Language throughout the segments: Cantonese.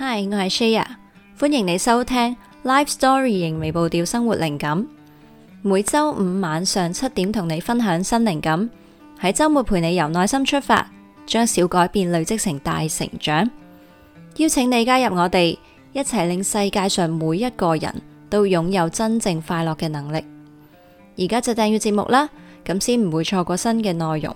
Hi，我係 Shaya，歡迎你收聽《Life Storying》，仍未步調生活靈感，每周五晚上七點同你分享新靈感，喺周末陪你由內心出發，將小改變累積成大成長。邀請你加入我哋，一齊令世界上每一個人都擁有真正快樂嘅能力。而家就訂閱節目啦，咁先唔會錯過新嘅內容。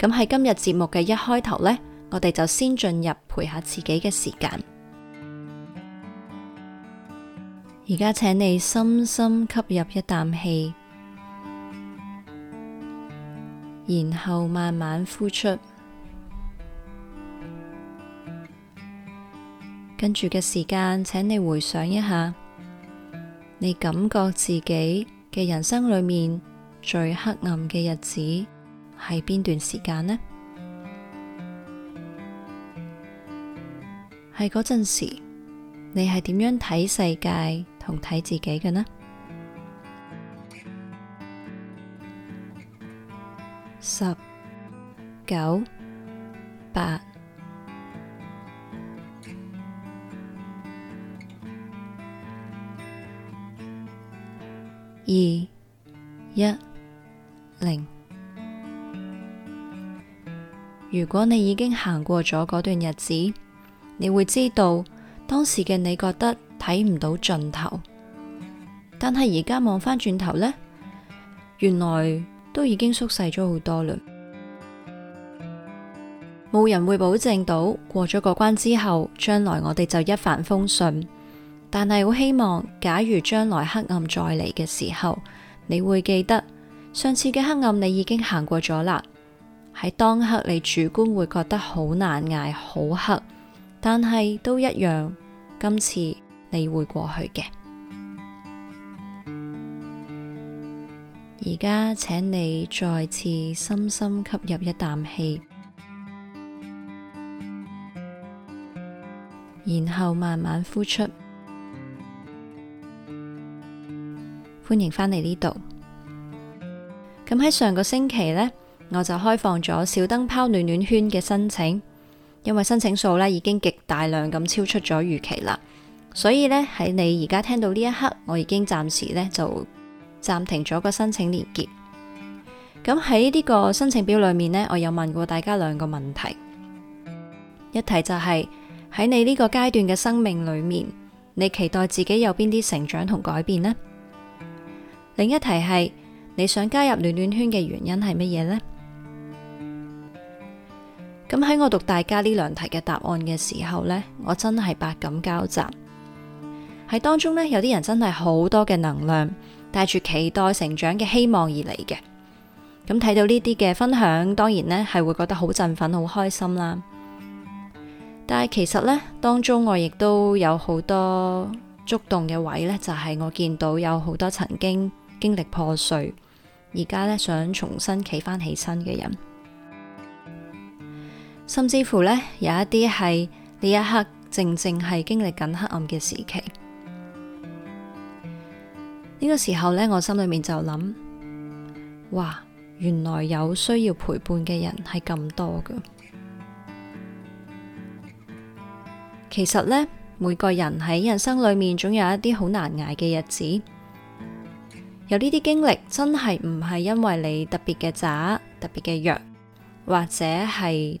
咁喺今日節目嘅一開頭呢。我哋就先進入陪下自己嘅時間。而家請你深深吸入一啖氣，然後慢慢呼出。跟住嘅時間，請你回想一下，你感覺自己嘅人生裏面最黑暗嘅日子係邊段時間呢？係嗰陣時，你係點樣睇世界同睇自己嘅呢？十、九、八、二、一、零。如果你已經行過咗嗰段日子。你會知道當時嘅你覺得睇唔到盡頭，但係而家望翻轉頭呢，原來都已經縮細咗好多嘞。冇人會保證到過咗個關之後，將來我哋就一帆風順。但係好希望，假如將來黑暗再嚟嘅時候，你會記得上次嘅黑暗，你已經行過咗啦。喺當刻，你主觀會覺得好難捱，好黑。但係都一樣，今次你會過去嘅。而家請你再次深深吸入一啖氣，然後慢慢呼出。歡迎返嚟呢度。咁喺上個星期呢，我就開放咗小燈泡暖暖圈嘅申請。因為申請數咧已經極大量咁超出咗預期啦，所以呢，喺你而家聽到呢一刻，我已經暫時呢就暫停咗個申請連結。咁喺呢個申請表裏面呢，我有問過大家兩個問題，一題就係喺你呢個階段嘅生命裏面，你期待自己有邊啲成長同改變呢？另一題係你想加入暖暖圈嘅原因係乜嘢呢？咁喺我讀大家呢兩題嘅答案嘅時候呢，我真係百感交集。喺當中呢，有啲人真係好多嘅能量，帶住期待成長嘅希望而嚟嘅。咁睇到呢啲嘅分享，當然呢係會覺得好振奮、好開心啦。但係其實呢，當中我亦都有好多觸動嘅位呢，就係我見到有好多曾經經歷破碎，而家呢想重新企翻起身嘅人。甚至乎呢，有一啲係呢一刻，正正係經歷緊黑暗嘅時期。呢、這個時候呢，我心裏面就諗，哇，原來有需要陪伴嘅人係咁多㗎。其實呢，每個人喺人生裏面總有一啲好難捱嘅日子。有呢啲經歷，真係唔係因為你特別嘅差、特別嘅弱，或者係。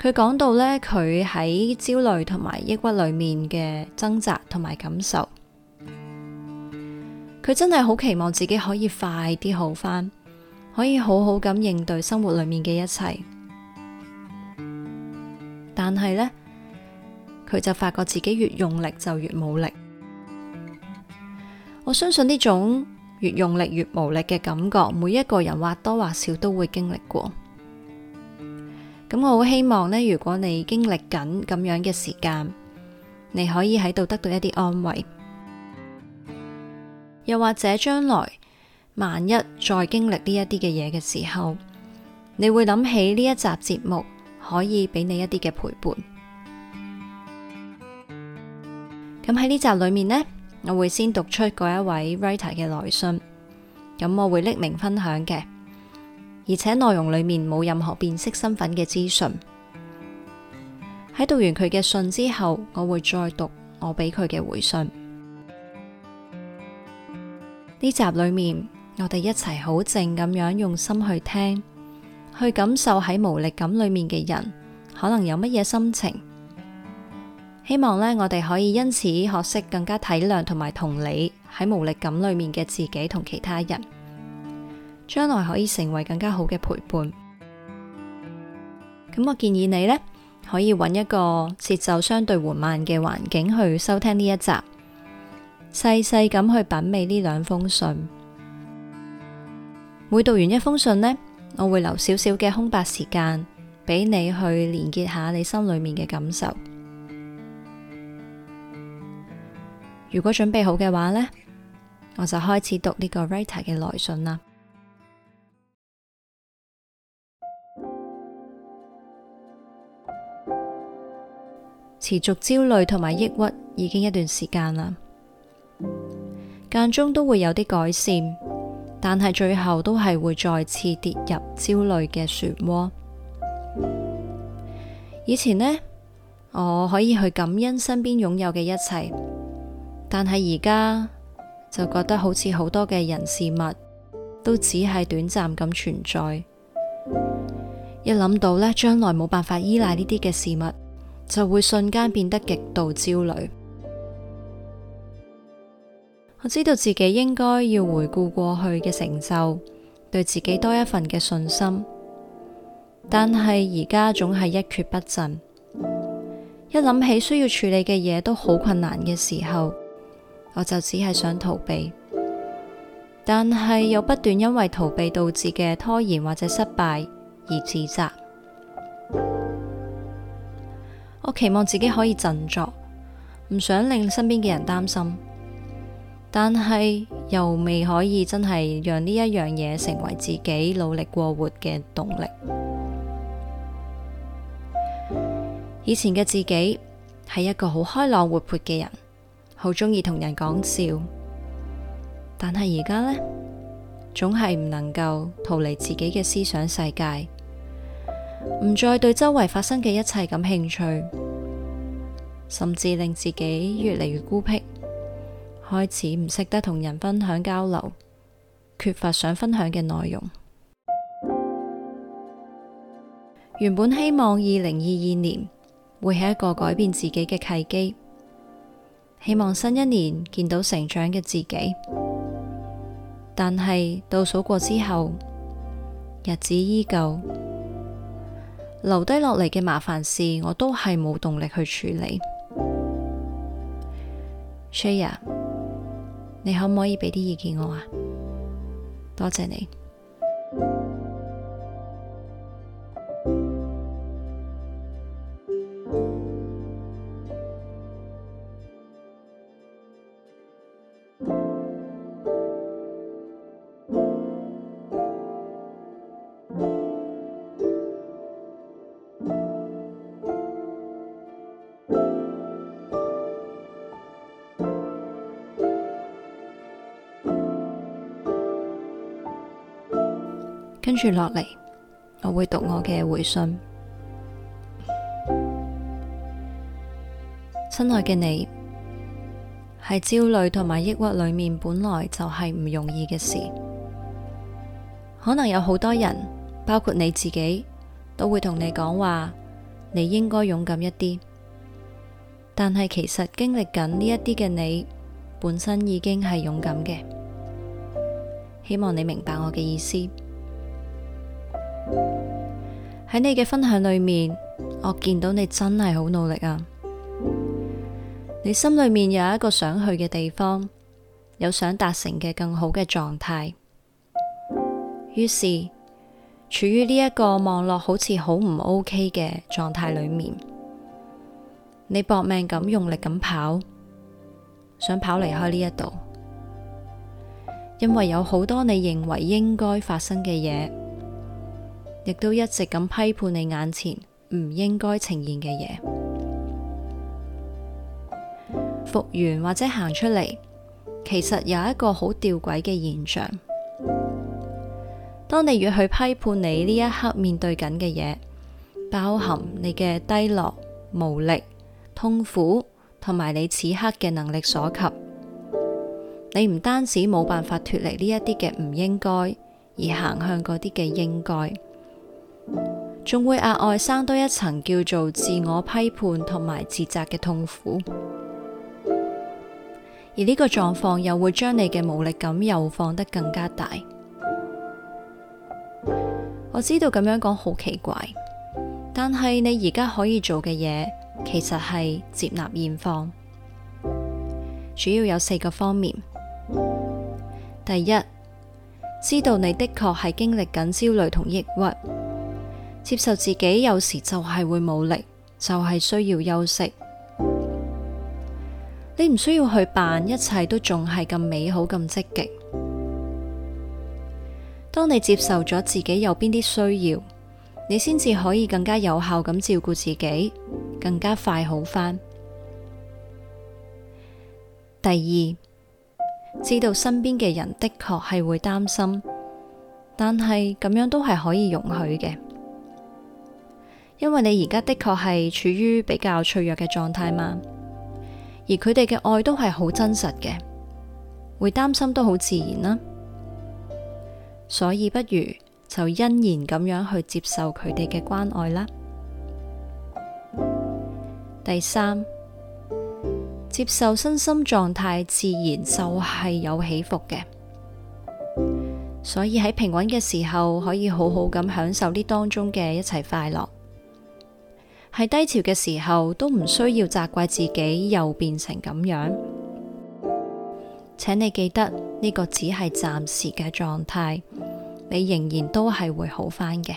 佢講到呢，佢喺焦慮同埋抑鬱裡面嘅掙扎同埋感受，佢真係好期望自己可以快啲好返，可以好好咁應對生活裡面嘅一切。但係呢，佢就發覺自己越用力就越冇力。我相信呢種越用力越無力嘅感覺，每一個人或多或少都會經歷過。咁我好希望呢，如果你經歷緊咁樣嘅時間，你可以喺度得到一啲安慰，又或者將來萬一再經歷呢一啲嘅嘢嘅時候，你會諗起呢一集節目，可以俾你一啲嘅陪伴。咁喺呢集裡面呢，我會先讀出嗰一位 writer 嘅來信，咁我會匿名分享嘅。而且內容裏面冇任何辨識身份嘅資訊。喺讀完佢嘅信之後，我會再讀我俾佢嘅回信。呢集裏面，我哋一齊好靜咁樣用心去聽，去感受喺無力感裏面嘅人可能有乜嘢心情。希望呢，我哋可以因此學識更加體諒同埋同理喺無力感裏面嘅自己同其他人。將來可以成為更加好嘅陪伴。咁我建議你呢，可以揾一個節奏相對緩慢嘅環境去收聽呢一集，細細咁去品味呢兩封信。每讀完一封信呢，我會留少少嘅空白時間俾你去連結下你心裏面嘅感受。如果準備好嘅話呢，我就開始讀呢個 writer 嘅來信啦。持續焦慮同埋抑鬱已經一段時間啦，間中都會有啲改善，但係最後都係會再次跌入焦慮嘅漩渦。以前呢，我可以去感恩身邊擁有嘅一切，但係而家就覺得好似好多嘅人事物都只係短暫咁存在。一諗到呢，將來冇辦法依賴呢啲嘅事物。就會瞬間變得極度焦慮。我知道自己應該要回顧過去嘅成就，對自己多一份嘅信心。但係而家總係一蹶不振。一諗起需要處理嘅嘢都好困難嘅時候，我就只係想逃避。但係又不斷因為逃避導致嘅拖延或者失敗而自責。我期望自己可以振作，唔想令身邊嘅人擔心，但係又未可以真係讓呢一樣嘢成為自己努力過活嘅動力。以前嘅自己係一個好開朗活潑嘅人，好中意同人講笑，但係而家呢，總係唔能夠逃離自己嘅思想世界。唔再對周圍發生嘅一切感興趣，甚至令自己越嚟越孤僻，開始唔識得同人分享交流，缺乏想分享嘅內容。 原本希望二零二二年會係一個改變自己嘅契機，希望新一年見到成長嘅自己，但係倒數過之後，日子依舊。留低落嚟嘅麻煩事，我都係冇動力去處理。Shaya，你可唔可以俾啲意見我啊？多謝你。跟住落嚟，我會讀我嘅回信。親愛嘅你，喺焦慮同埋抑鬱裏面，本來就係唔容易嘅事。可能有好多人，包括你自己，都會同你講話，「你應該勇敢一啲」。但係其實經歷緊呢一啲嘅你，本身已經係勇敢嘅。希望你明白我嘅意思。喺你嘅分享裏面，我見到你真係好努力啊！你心裏面有一個想去嘅地方，有想達成嘅更好嘅狀態，於是處於呢一個望落好似好唔 OK 嘅狀態裏面，你搏命咁用力咁跑，想跑離開呢一度，因為有好多你認為應該發生嘅嘢。亦都一直咁批判你眼前唔應該呈現嘅嘢。復原或者行出嚟，其實有一個好吊詭嘅現象。當你越去批判你呢一刻面對緊嘅嘢，包含你嘅低落、無力、痛苦同埋你此刻嘅能力所及，你唔單止冇辦法脫離呢一啲嘅唔應該，而行向嗰啲嘅應該。仲會額外生多一層叫做自我批判同埋自責嘅痛苦，而呢個狀況又會將你嘅無力感又放得更加大。我知道咁樣講好奇怪，但係你而家可以做嘅嘢其實係接納現況，主要有四個方面。第一，知道你的確係經歷緊焦慮同抑鬱。接受自己有時就係會冇力，就係需要休息。你唔需要去扮一切都仲係咁美好咁積極。當你接受咗自己有邊啲需要，你先至可以更加有效咁照顧自己，更加快好返。第二，知道身邊嘅人的確係會擔心，但係咁樣都係可以容許嘅。因為你而家的確係處於比較脆弱嘅狀態嘛，而佢哋嘅愛都係好真實嘅，會擔心都好自然啦，所以不如就欣然咁樣去接受佢哋嘅關愛啦。第三，接受身心狀態自然就係有起伏嘅，所以喺平穩嘅時候可以好好咁享受呢當中嘅一切快樂。喺低潮嘅時候，都唔需要責怪自己又變成咁樣。請你記得呢個只係暫時嘅狀態，你仍然都係會好翻嘅。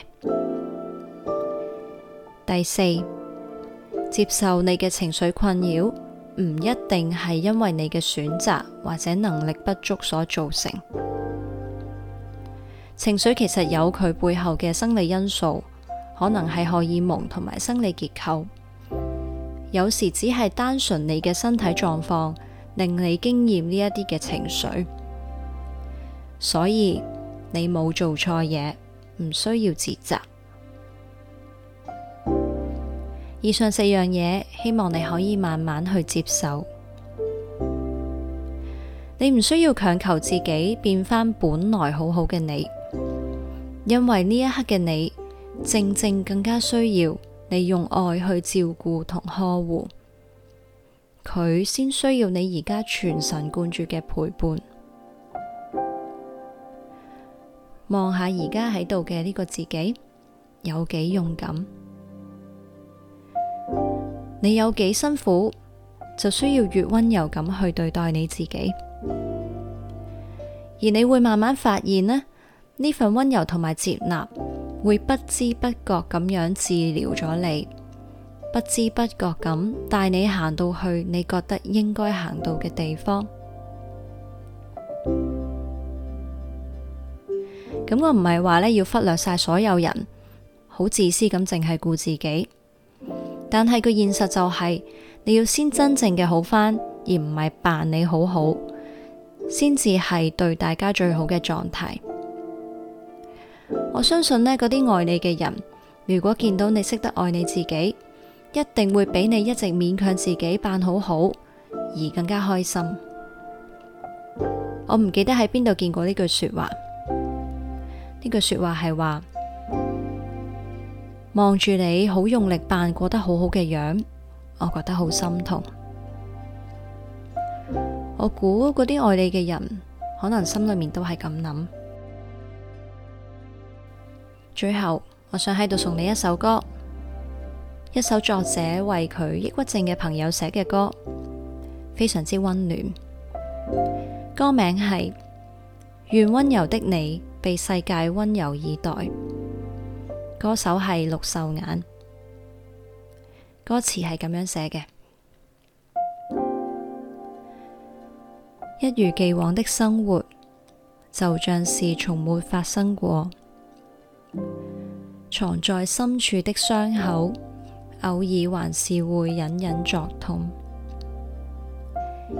第四，接受你嘅情緒困擾，唔一定係因為你嘅選擇或者能力不足所造成。情緒其實有佢背後嘅生理因素。可能係荷爾蒙同埋生理結構，有時只係單純你嘅身體狀況令你經驗呢一啲嘅情緒，所以你冇做錯嘢，唔需要自責。以上四樣嘢，希望你可以慢慢去接受，你唔需要強求自己變返本來好好嘅你，因為呢一刻嘅你。正正更加需要你用愛去照顧同呵護。佢先需要你而家全神貫注嘅陪伴。望下而家喺度嘅呢個自己有幾勇敢，你有幾辛苦，就需要越溫柔咁去對待你自己。而你會慢慢發現呢，呢份溫柔同埋接納會不知不覺咁樣治療咗你，不知不覺咁帶你行到去你覺得應該行到嘅地方。咁我唔係話咧，要忽略晒所有人，好自私咁淨係顧自己。但係個現實就係，你要先真正嘅好翻，而唔係扮你好好，先至係對大家最好嘅狀態。我相信呢嗰啲愛你嘅人，如果見到你識得愛你自己，一定會比你一直勉強自己扮好好而更加開心。我唔記得喺邊度見過呢句說話，呢句說話係話望住你好用力扮過得好好嘅樣，我覺得好心痛。我估嗰啲愛你嘅人，可能心裏面都係咁諗。最後，我想喺度送你一首歌，一首作者為佢抑鬱症嘅朋友寫嘅歌，非常之溫暖。歌名係《願溫柔的你被世界溫柔以待》，歌手係綠繡眼，歌詞係咁樣寫嘅：一如既往的生活，就像是從沒發生過。藏在深處的傷口，偶爾還是會隱隱作痛。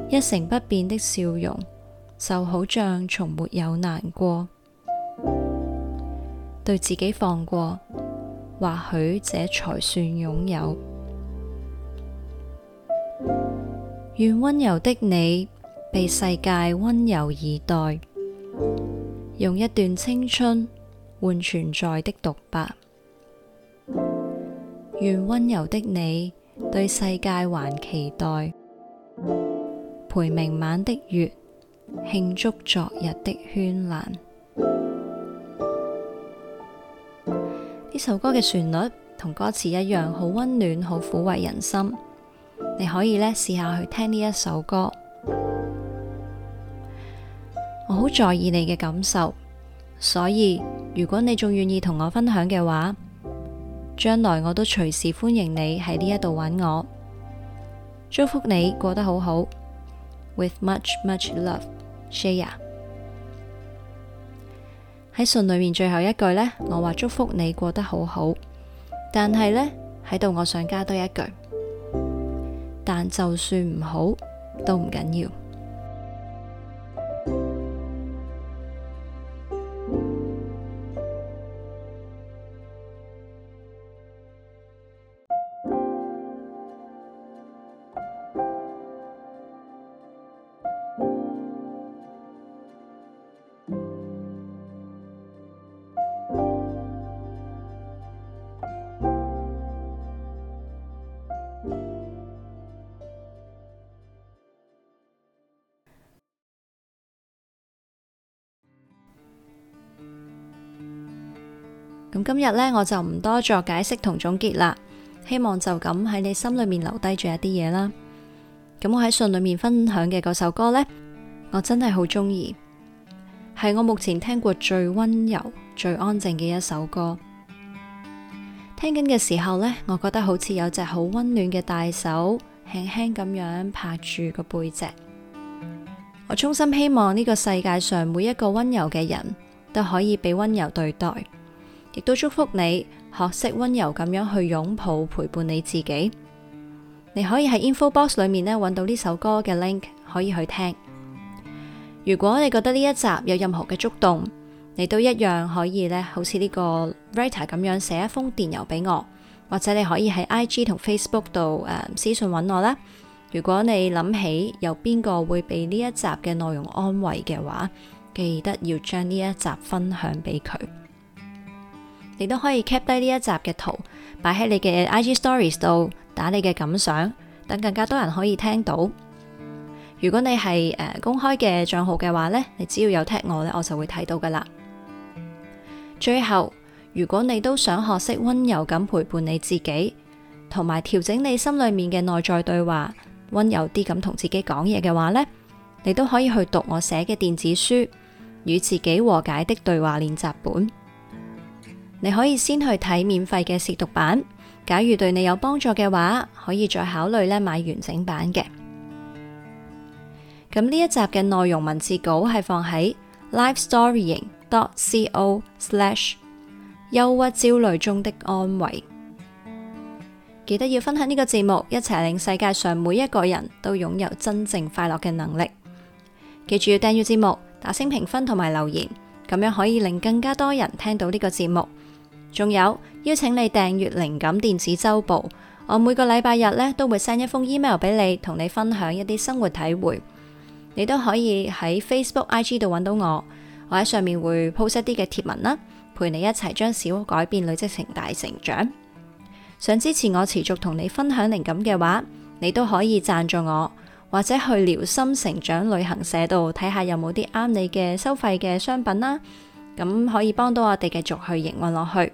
一成不變的笑容，就好像從沒有難過。對自己放過，或許這才算擁有。願溫柔的你，被世界溫柔以待。用一段青春，換存在的獨白，願溫柔的你對世界還期待，陪明晚的月慶祝昨日的絢爛。呢首歌嘅旋律同歌詞一樣，好溫暖，好撫慰人心。你可以呢試下去聽呢一首歌，我好在意你嘅感受。所以，如果你仲願意同我分享嘅話，將來我都隨時歡迎你喺呢一度搵我。祝福你過得好好。With much much love, Shaya。喺信裏面最後一句呢，我話祝福你過得好好，但係呢，喺度我想加多一句，但就算唔好都唔緊要。今日呢，我就唔多作解釋同總結啦。希望就咁喺你心裏面留低住一啲嘢啦。咁我喺信裏面分享嘅嗰首歌呢，我真係好中意，係我目前聽過最温柔、最安靜嘅一首歌。聽緊嘅時候呢，我覺得好似有隻好温暖嘅大手輕輕咁樣拍住個背脊。我衷心希望呢個世界上每一個温柔嘅人都可以被温柔對待。亦都祝福你學識温柔咁樣去擁抱陪伴你自己。你可以喺 info box 裏面揾到呢首歌嘅 link，可以去聽。如果你覺得呢一集有任何嘅觸動，你都一樣可以咧，好似呢個 writer 咁樣寫一封電郵俾我，或者你可以喺 IG 同 Facebook 度、呃、私信揾我啦。如果你諗起有邊個會被呢一集嘅內容安慰嘅話，記得要將呢一集分享俾佢。你都可以 cap 低呢一集嘅圖，擺喺你嘅 IG Stories 度，打你嘅感想，等更加多人可以聽到。如果你係誒、呃、公開嘅賬號嘅話呢，你只要有踢我呢，我就會睇到噶啦。最後，如果你都想學識温柔咁陪伴你自己，同埋調整你心裏面嘅內在對話，温柔啲咁同自己講嘢嘅話呢，你都可以去讀我寫嘅電子書《與自己和解的對話練習本》。你可以先去睇免費嘅試讀版，假如對你有幫助嘅話，可以再考慮咧買完整版嘅。咁呢一集嘅內容文字稿係放喺 lifestorying.co/slash 憂鬱焦慮中的安慰。記得要分享呢個節目，一齊令世界上每一個人都擁有真正快樂嘅能力。記住要訂閱節目、打星評分同埋留言，咁樣可以令更加多人聽到呢個節目。仲有邀請你訂閱靈感電子週報，我每個禮拜日呢都會 send 一封 email 俾你，同你分享一啲生活體會。你都可以喺 Facebook、IG 度揾到我，我喺上面會 post 一啲嘅貼文啦，陪你一齊將小改變累積成大成長。想支持我持續同你分享靈感嘅話，你都可以贊助我，或者去療心成長旅行社度睇下有冇啲啱你嘅收費嘅商品啦。咁可以幫到我哋繼續去營運落去。